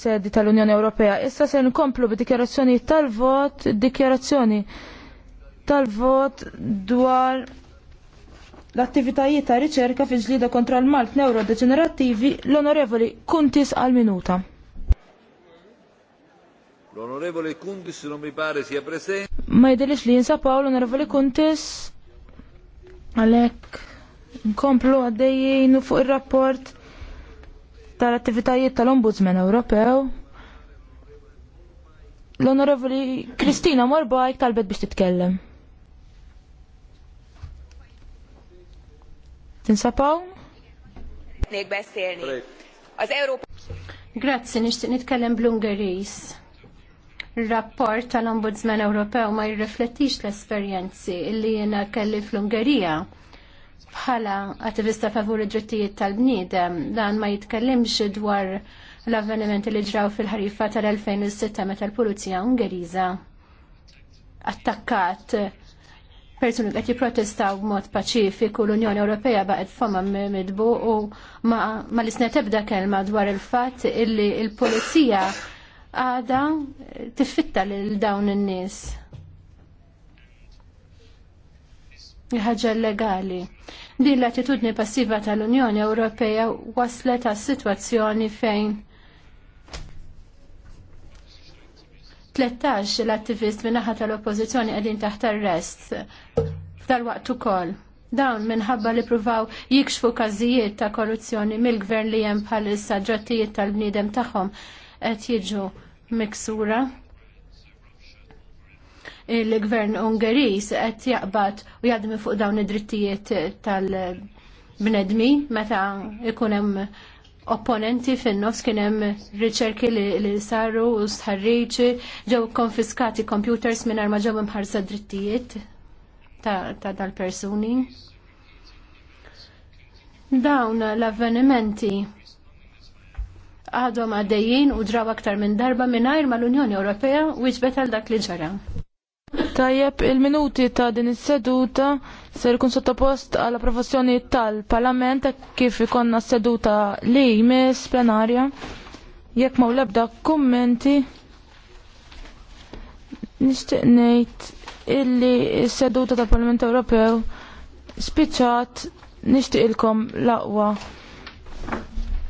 sedi tal-Unjoni Ewropea. Issa se nkomplu bi dikjarazzjoni tal-vot dwar l-attivitajiet ta' riċerka fi ġlida kontra l-Malt neurodeġenerativi l-Onorevoli Kuntis għal-minuta. L-Onorevoli Kuntis non mi pare sia presente. Ma jidilix li jinsapaw l-Onorevoli Kuntis għalek nkomplu għaddejjien fuq il-rapport tal-attivitajiet tal-Ombudsman Ewropew. L-Onorevoli Kristina Morbajk talbet biex titkellem. Tinsapaw? Nek beszélni. Az Európa... Grazzi, nishtiq nitkellem bl-Ungeris. Il-rapport tal-Ombudsman Ewropew ma jirreflettix l-esperjenzi li jena kelli fl-Ungerija. fl fl ungerija bħala attivista favur id-drittijiet tal-bniedem dan ma jitkellimx dwar l-avvenimenti li ġraw fil-ħarifa tal-2006 meta l-Pulizija Ungeriża attakkat persuni qed jipprotestaw b'mod paċifiku l-Unjoni Ewropea baqgħet fama midbu u ma lisna tebda kelma dwar il-fatt illi l-Pulizija għada tiffitta lil dawn in-nies. ħaġa legali. Din l-attitudni passiva tal-Unjoni Ewropea waslet għas situazzjoni fejn 13 l-attivist minnaħa tal-oppozizjoni għedin taħt arrest tal-waqt ukoll. Dawn minħabba li pruvaw jikxfu każijiet ta' korruzzjoni mill-gvern li hemm bħalissa ġrattijiet tal-bniedem tagħhom qed jiġu miksura il-gvern Ungeris qed jaqbad u jadmi fuq dawn id-drittijiet tal-bnedmi meta ikunem hemm opponenti fin-nofs kien hemm riċerki li saru u sħarriċi ġew konfiskati computers mingħajr ma ġew imħarsa drittijiet ta' dal-persuni. Dawn l-avvenimenti għadhom għaddejjin u ġraw aktar minn darba mingħajr mal unjoni Ewropea wieġbet għal dak li ġara. Tajjeb, il-minuti ta' din is-seduta ser ikun sottopost għal approvazzjoni tal-Parlament kif ikonna seduta li jmiss plenarja. Jekk ma' lebda kummenti, nixtieq ngħid illi s-seduta tal-Parlament Ewropew spiċċat nixtieq ilkom l-aqwa.